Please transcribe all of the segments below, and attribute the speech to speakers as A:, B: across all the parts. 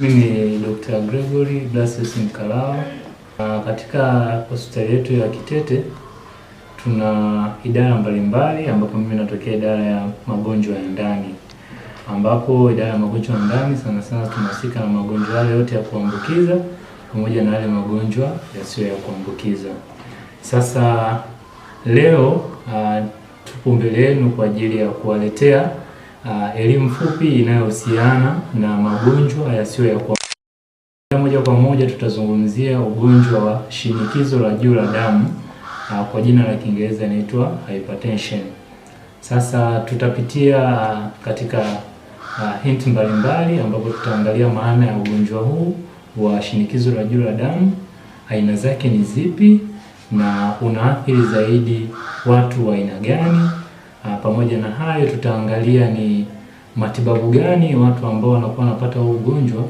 A: Mimi ni Dr. Gregory Blasius Mkalao. Katika hospitali yetu ya Kitete tuna idara mbalimbali, ambapo mimi natokea idara ya magonjwa ya ndani, ambapo idara ya magonjwa ya ndani sana sana tunahusika na magonjwa yale yote ya kuambukiza pamoja na yale magonjwa yasiyo ya kuambukiza. Sasa leo ah, tupo mbele yenu kwa ajili ya kuwaletea uh, elimu fupi inayohusiana na magonjwa yasiyo ya kwa moja kwa moja. Tutazungumzia ugonjwa wa shinikizo la juu la damu uh, kwa jina la Kiingereza inaitwa hypertension. Sasa tutapitia uh, katika uh, hint mbalimbali ambapo tutaangalia maana ya ugonjwa huu wa shinikizo la juu la damu, aina zake ni zipi na unaathiri zaidi watu wa aina gani Ah, pamoja na hayo, tutaangalia ni matibabu gani watu ambao wanakuwa wanapata huu ugonjwa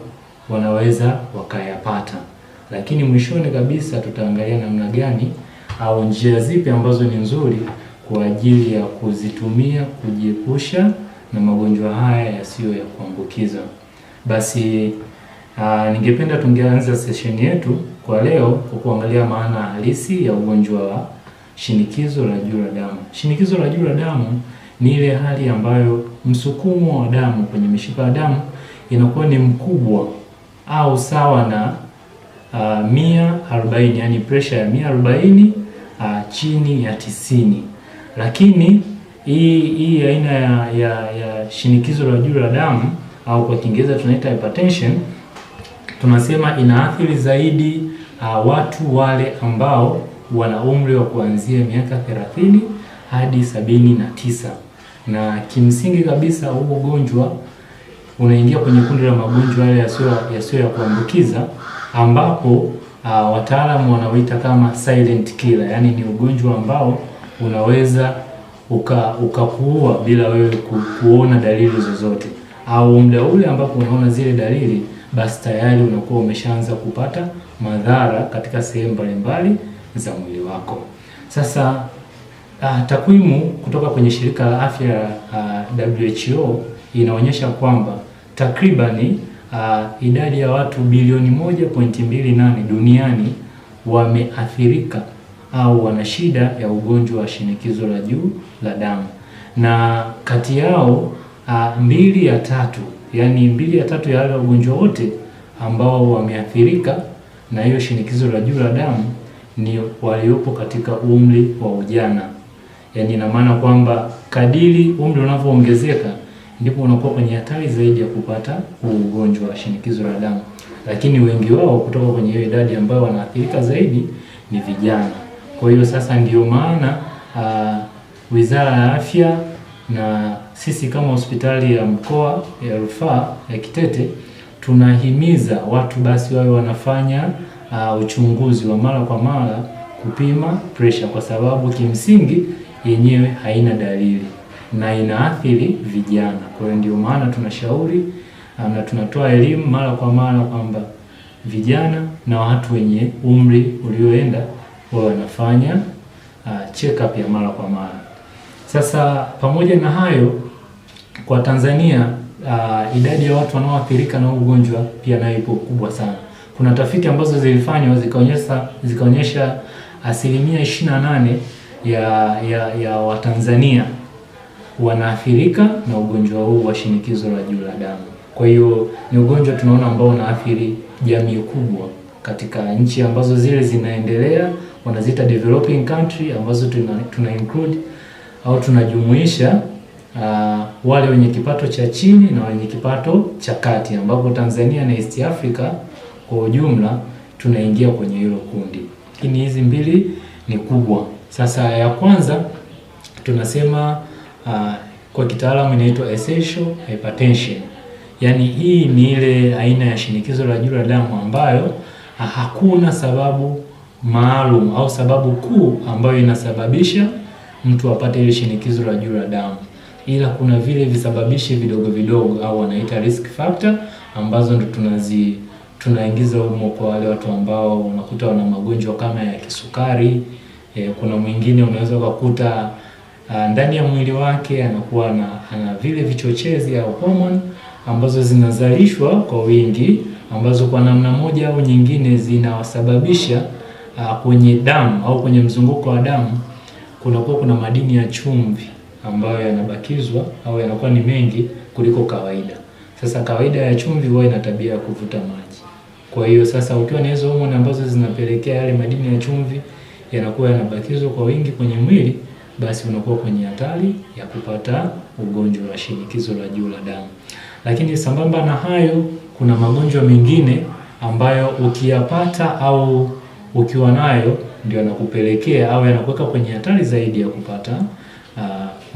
A: wanaweza wakayapata, lakini mwishoni kabisa tutaangalia namna gani au njia zipi ambazo ni nzuri kwa ajili ya kuzitumia kujiepusha na magonjwa haya yasiyo ya kuambukiza. Basi aa, ah, ningependa tungeanza sesheni yetu kwa leo kwa kuangalia maana halisi ya ugonjwa wa shinikizo la juu la damu. Shinikizo la juu la damu ni ile hali ambayo msukumo wa damu kwenye mishipa ya damu inakuwa ni mkubwa au sawa na uh, mia arobaini, yani pressure ya mia arobaini uh, chini ya tisini. Lakini hii hii aina ya, ya, ya shinikizo la juu la damu au kwa Kiingereza tunaita hypertension, tunasema inaathiri zaidi uh, watu wale ambao wana umri wa kuanzia miaka 30 hadi 79, na kimsingi kabisa huu ugonjwa unaingia kwenye kundi la magonjwa yale yasiyo ya kuambukiza ambapo uh, ah, wataalamu wanaoita kama silent killer, yani ni ugonjwa ambao unaweza uka ukakuua bila wewe ku, kuona dalili zozote, au muda ule ambapo unaona zile dalili, basi tayari unakuwa umeshaanza kupata madhara katika sehemu mbalimbali za mwili wako. Sasa uh, takwimu kutoka kwenye shirika la afya la uh, WHO inaonyesha kwamba takribani uh, ah, idadi ya watu bilioni 1.28 duniani wameathirika au wana shida ya ugonjwa wa shinikizo la juu la damu, na kati yao uh, mbili ya tatu, yani mbili ya tatu ya wale wagonjwa wote ambao wameathirika na hiyo shinikizo la juu la damu ni waliopo katika umri wa ujana. Yaani ina maana kwamba kadiri umri unavyoongezeka ndipo unakuwa kwenye hatari zaidi ya kupata ugonjwa wa shinikizo la damu, lakini wengi wao kutoka kwenye hiyo idadi ambayo wanaathirika zaidi ni vijana. Kwa hiyo sasa ndio maana uh, Wizara ya Afya na sisi kama hospitali ya mkoa ya rufaa ya Kitete tunahimiza watu basi wawe wanafanya uh, uchunguzi wa mara kwa mara kupima pressure, kwa sababu kimsingi yenyewe haina dalili na inaathiri vijana. Kwa hiyo ndio maana tunashauri uh, na tunatoa elimu mara kwa mara kwamba vijana na watu wenye umri ulioenda wao wanafanya uh, check up ya mara kwa mara. Sasa pamoja na hayo, kwa Tanzania uh, idadi ya watu wanaoathirika na ugonjwa pia nayo ipo kubwa sana. Kuna tafiti ambazo zilifanywa zikaonyesha zikaonyesha asilimia 28 ya ya, ya Watanzania wanaathirika na ugonjwa huu wa shinikizo la juu la damu. Kwa hiyo ni ugonjwa tunaona ambao unaathiri jamii kubwa katika nchi ambazo zile zinaendelea, wanazita developing country, ambazo tuna, tuna include au tunajumuisha uh, wale wenye kipato cha chini na wenye kipato cha kati, ambapo Tanzania na East Africa kwa ujumla tunaingia kwenye hilo kundi, lakini hizi mbili ni kubwa. Sasa ya kwanza tunasema uh, kwa kitaalamu inaitwa essential hypertension. Yaani hii ni ile aina ya shinikizo la juu la damu ambayo ah, hakuna sababu maalum au sababu kuu ambayo inasababisha mtu apate ile shinikizo la juu la damu, ila kuna vile visababishi vidogo vidogo au wanaita risk factor ambazo ndo tunazi tunaingiza humo kwa wale watu ambao unakuta wana magonjwa kama ya kisukari. E, kuna mwingine unaweza ukakuta ndani ya mwili wake anakuwa na, ana vile vichochezi au hormone ambazo zinazalishwa kwa wingi ambazo kwa namna moja au nyingine zinawasababisha a, kwenye damu au kwenye mzunguko wa damu kunakuwa kuna madini ya chumvi ambayo yanabakizwa au yanakuwa ni mengi kuliko kawaida. Sasa kawaida ya chumvi huwa ina tabia ya kuvuta maji. Kwa hiyo sasa ukiwa na hizo homoni ambazo zinapelekea yale madini ya chumvi yanakuwa yanabakizwa kwa wingi kwenye mwili, basi unakuwa kwenye hatari ya kupata ugonjwa wa shinikizo la juu la damu. Lakini sambamba na hayo, kuna magonjwa mengine ambayo ukiyapata au ukiwa nayo ndio yanakupelekea au yanakuweka kwenye hatari zaidi ya kupata uh,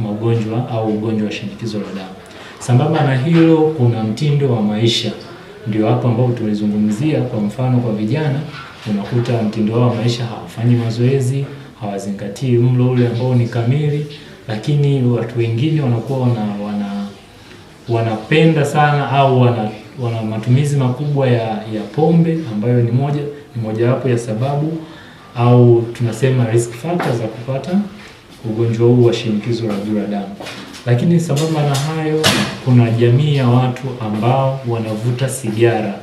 A: magonjwa au ugonjwa wa shinikizo la damu. Sambamba na hilo, kuna mtindo wa maisha ndio hapo ambao tumezungumzia. Kwa mfano, kwa vijana unakuta mtindo wao wa maisha, hawafanyi mazoezi, hawazingatii mlo ule ambao ni kamili, lakini watu wengine wanakuwa wana, wana wanapenda sana au wana, wana matumizi makubwa ya, ya pombe ambayo ni moja ni mojawapo ya sababu au tunasema risk factors za kupata ugonjwa huu wa shinikizo la juu la damu. Lakini sambamba na hayo, kuna jamii ya watu ambao wanavuta sigara,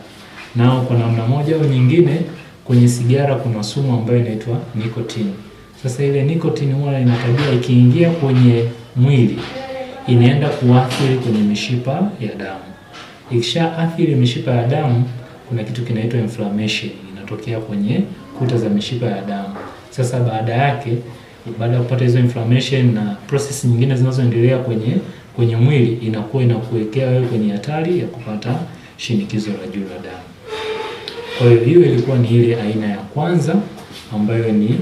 A: nao kwa namna moja au nyingine, kwenye sigara kuna sumu ambayo inaitwa nikotini. Sasa ile nikotini huwa ina tabia, ikiingia kwenye mwili inaenda kuathiri kwenye mishipa ya damu. ikisha athiri mishipa ya damu, kuna kitu kinaitwa inflammation inatokea kwenye kuta za mishipa ya damu. Sasa baada yake baada ya kupata hizo inflammation na process nyingine zinazoendelea kwenye kwenye mwili inakuwa inakuwekea wewe kwenye hatari ya kupata shinikizo la juu la damu. Kwa hiyo hiyo ilikuwa ni ile aina ya kwanza ambayo ni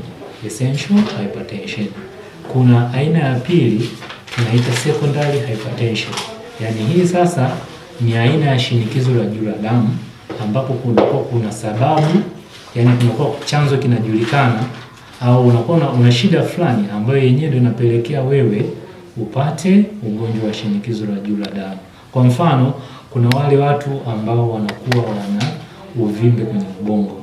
A: essential hypertension. Kuna aina ya pili tunaita secondary hypertension. Yaani hii sasa ni aina ya shinikizo la juu la damu ambapo kunakuwa kuna sababu, yani kunakuwa chanzo kinajulikana au unakuwa una shida fulani ambayo yenyewe ndio inapelekea wewe upate ugonjwa wa shinikizo la juu la damu. Kwa mfano, kuna wale watu ambao wanakuwa wana uvimbe kwenye ubongo.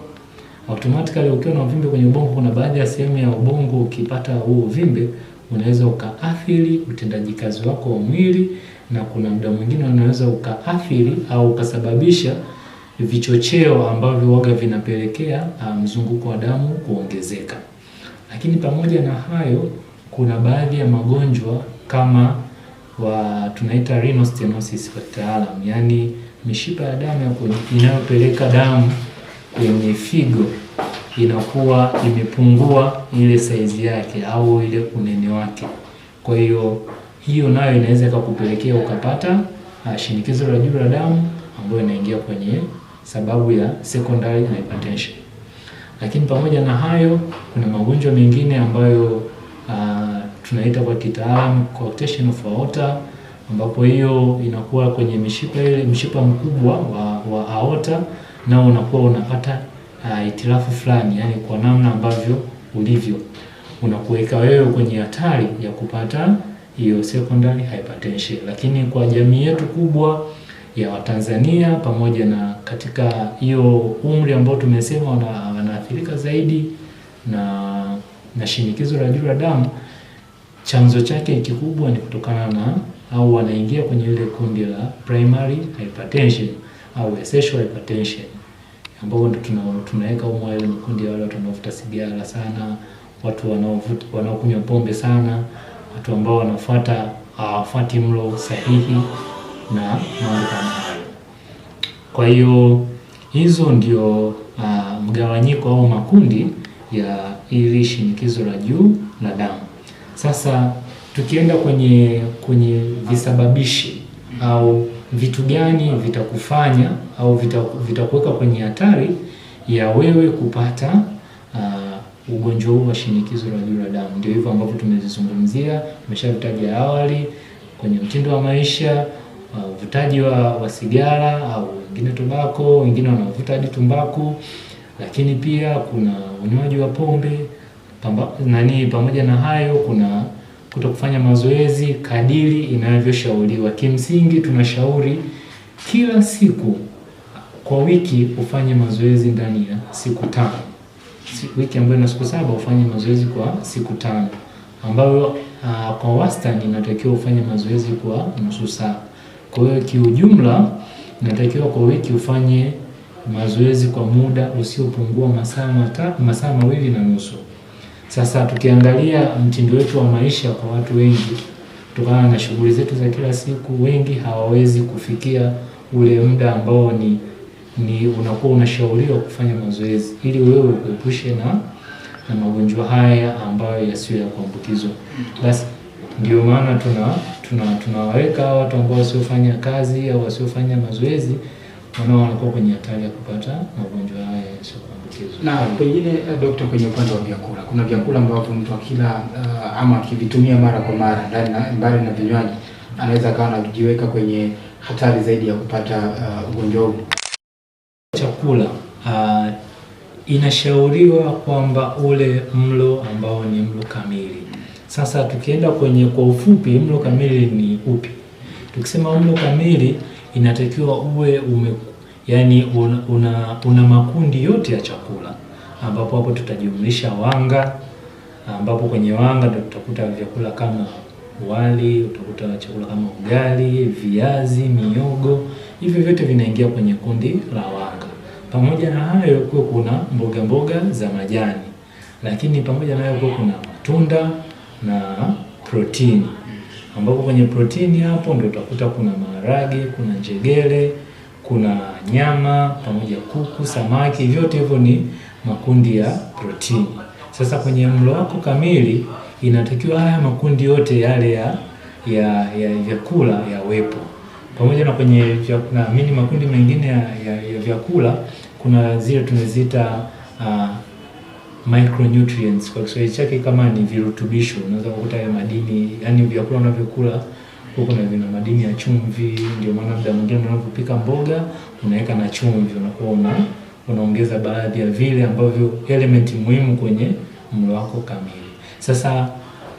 A: Automatically ukiwa na uvimbe kwenye ubongo, kuna baadhi ya sehemu ya ubongo, ukipata huo uvimbe unaweza ukaathiri utendaji kazi wako wa mwili, na kuna muda mwingine unaweza ukaathiri au ukasababisha vichocheo ambavyo waga vinapelekea ah, mzunguko wa damu kuongezeka. Lakini pamoja na hayo, kuna baadhi ya magonjwa kama wa tunaita renal stenosis kwa kitaalamu, yaani mishipa ya damu inayopeleka damu kwenye figo inakuwa imepungua ile saizi yake au ile unene wake. Kwa hiyo hiyo nayo inaweza ikakupelekea ukapata ah, shinikizo la juu la damu ambayo inaingia kwenye sababu ya secondary hypertension. Lakini pamoja na hayo, kuna magonjwa mengine ambayo uh, tunaita kwa kitaalamu coarctation of aorta, ambapo hiyo inakuwa kwenye mishipa ile mshipa mkubwa wa, wa aorta, nao unakuwa unapata uh, ah, fulani, yani kwa namna ambavyo ulivyo unakuweka wewe kwenye hatari ya kupata hiyo secondary hypertension. Lakini kwa jamii yetu kubwa ya Watanzania pamoja na katika hiyo umri ambao tumesema wanaathirika zaidi na, na shinikizo la juu la damu, chanzo chake kikubwa ni kutokana na au wanaingia kwenye ile kundi la primary hypertension au essential hypertension ambapo ndo tunaweka humo ile kundi ya wale watu wanaovuta sigara sana, watu wanaovuta wanaokunywa pombe sana, watu ambao wanafuata hawafuati mlo sahihi na mambo kama hayo. Kwa hiyo hizo ndio uh, mgawanyiko au makundi ya ili shinikizo la juu la damu. Sasa tukienda kwenye kwenye visababishi au vitu gani vitakufanya au vitakuweka kwenye hatari ya wewe kupata uh, ugonjwa huu wa shinikizo la juu la damu. Ndio hivyo ambavyo tumezizungumzia, tumeshavitaja awali kwenye mtindo wa maisha, wavutaji wa, wa sigara au wengine tumbako, wengine wanavuta hadi tumbaku, lakini pia kuna unywaji wa pombe pamba, nani. Pamoja na hayo, kuna kutokufanya mazoezi kadiri inavyoshauriwa. Kimsingi tunashauri kila siku kwa wiki ufanye mazoezi ndani ya siku tano. Wiki ambayo ina siku saba ufanye mazoezi kwa siku tano, ambayo uh, kwa wastani inatakiwa ufanye mazoezi kwa nusu saa. Kwa hiyo kiujumla, natakiwa kwa wiki ufanye mazoezi kwa muda usiopungua masaa matatu, masaa mawili na nusu. Sasa tukiangalia mtindo wetu wa maisha, kwa watu wengi, kutokana na shughuli zetu za kila siku, wengi hawawezi kufikia ule muda ambao ni ni unakuwa unashauriwa kufanya mazoezi ili wewe ukuepushe na na magonjwa haya ambayo yasiyo ya kuambukizwa. Basi ndio maana tuna tuna tunawaweka watu ambao wasiofanya kazi au wasiofanya mazoezi wanao wanakuwa kwenye hatari ya kupata magonjwa haya yasiyoambukizwa.
B: Na pengine eh, dokta, kwenye upande wa vyakula, kuna vyakula ambavyo mtu akila uh, ama akivitumia mara kwa mara ndani mbali na vinywaji anaweza akawa anajiweka kwenye hatari zaidi ya kupata eh, ugonjwa uh, huu.
A: Chakula uh, inashauriwa kwamba ule mlo ambao ni mlo kamili sasa tukienda kwenye kwa ufupi, mlo kamili ni upi? Tukisema mlo kamili inatakiwa uwe ume, yani una, una, una makundi yote ya chakula, ambapo hapo tutajumlisha wanga, ambapo kwenye wanga ndio tutakuta vyakula kama wali, utakuta chakula kama ugali, viazi, miogo, hivyo vyote vinaingia kwenye kundi la wanga. Pamoja na hayo kuwe kuna mboga mboga za majani, lakini pamoja na hayo kuwe kuna matunda na protini, ambapo kwenye protini hapo ndio utakuta kuna maharage, kuna njegele, kuna nyama pamoja kuku, samaki, vyote hivyo ni makundi ya protini. Sasa kwenye mlo wako kamili inatakiwa haya makundi yote yale ya ya ya vyakula yawepo, pamoja na kwenye naamini makundi mengine ya, ya, ya vyakula kuna zile tumezita uh, ah, micronutrients kwa Kiswahili chake kama ni virutubisho. Unaweza kukuta ya madini, yani vyakula unavyokula huko na vina madini ya chumvi. Ndio maana muda mwingine unapopika mboga unaweka na chumvi, unakuwa una unaongeza baadhi ya vile ambavyo elementi muhimu kwenye mlo wako kamili. Sasa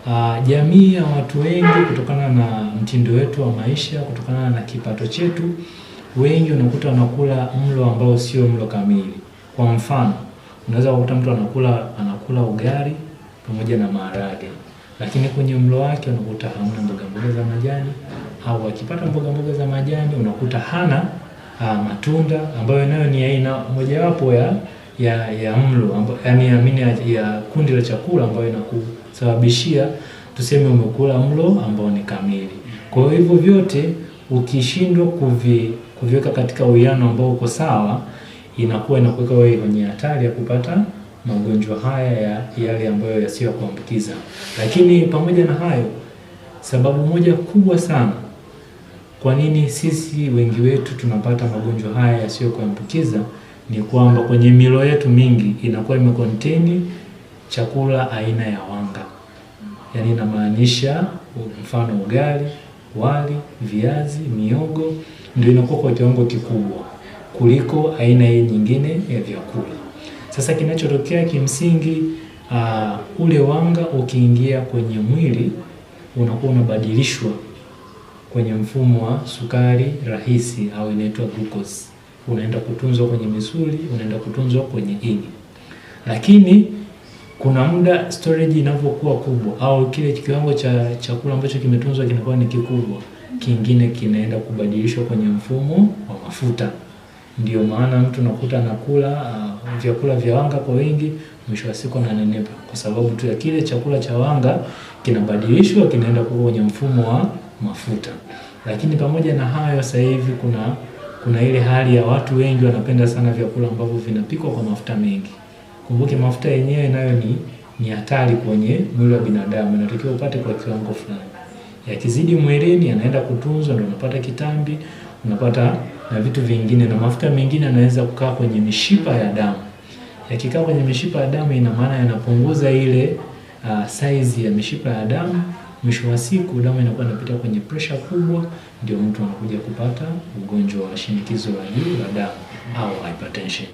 A: uh, jamii ya watu wengi, kutokana na mtindo wetu wa maisha, kutokana na kipato chetu, wengi unakuta wanakula mlo ambao sio mlo kamili. Kwa mfano Unaweza kukuta mtu anakula anakula ugali pamoja na maharage, lakini kwenye mlo wake unakuta hamna mboga mboga za majani, au akipata mboga mboga za majani unakuta hana a, ah, matunda ambayo nayo ni aina mojawapo ya ya ya mlo ambayo yani ya, ya, ya kundi la chakula ambayo inakusababishia tuseme umekula mlo ambao ni kamili. Kwa hivyo vyote ukishindwa kuvi, kuviweka katika uwiano ambao uko sawa inakuwa inakuweka wewe kwenye hatari ya kupata magonjwa haya ya yale ambayo yasiyo kuambukiza. Lakini pamoja na hayo, sababu moja kubwa sana kwa nini sisi wengi wetu tunapata magonjwa haya yasiyo kuambukiza ni kwamba kwenye milo yetu mingi inakuwa imecontain chakula aina ya wanga, yaani inamaanisha mfano ugali, wali, viazi, miogo ndio inakuwa kwa kiwango kikubwa kuliko aina hii nyingine ya vyakula. Sasa kinachotokea kimsingi, uh, ule wanga ukiingia kwenye mwili unakuwa unabadilishwa kwenye mfumo wa sukari rahisi au inaitwa glucose, unaenda kutunzwa kwenye misuli, unaenda kutunzwa kwenye ini, lakini kuna muda storage inapokuwa kubwa au kile kiwango cha chakula ambacho kimetunzwa kinakuwa ni kikubwa, kingine kinaenda kubadilishwa kwenye mfumo wa mafuta. Ndio maana mtu nakuta anakula uh, vyakula vya wanga kwa wingi, mwisho wa siku ananenepa kwa sababu tu ya kile chakula cha wanga kinabadilishwa, kinaenda kuwa kwenye mfumo wa mafuta. Lakini pamoja na hayo, sasa hivi kuna kuna ile hali ya watu wengi wanapenda sana vyakula ambavyo vinapikwa kwa mafuta mengi. Kumbuke mafuta yenyewe nayo ni ni hatari kwenye mwili wa binadamu, inatakiwa upate kwa kiwango fulani. Yakizidi mwilini, yanaenda kutunzwa, ndio unapata kitambi, unapata na vitu vingine, na mafuta mengine yanaweza kukaa kwenye mishipa ya damu. Yakikaa kwenye mishipa ya damu, ina maana yanapunguza ile uh, size ya mishipa ya damu. Mwisho wa siku damu inakuwa inapita kwenye pressure kubwa, ndio mtu anakuja kupata ugonjwa wa shinikizo la juu la damu au hypertension.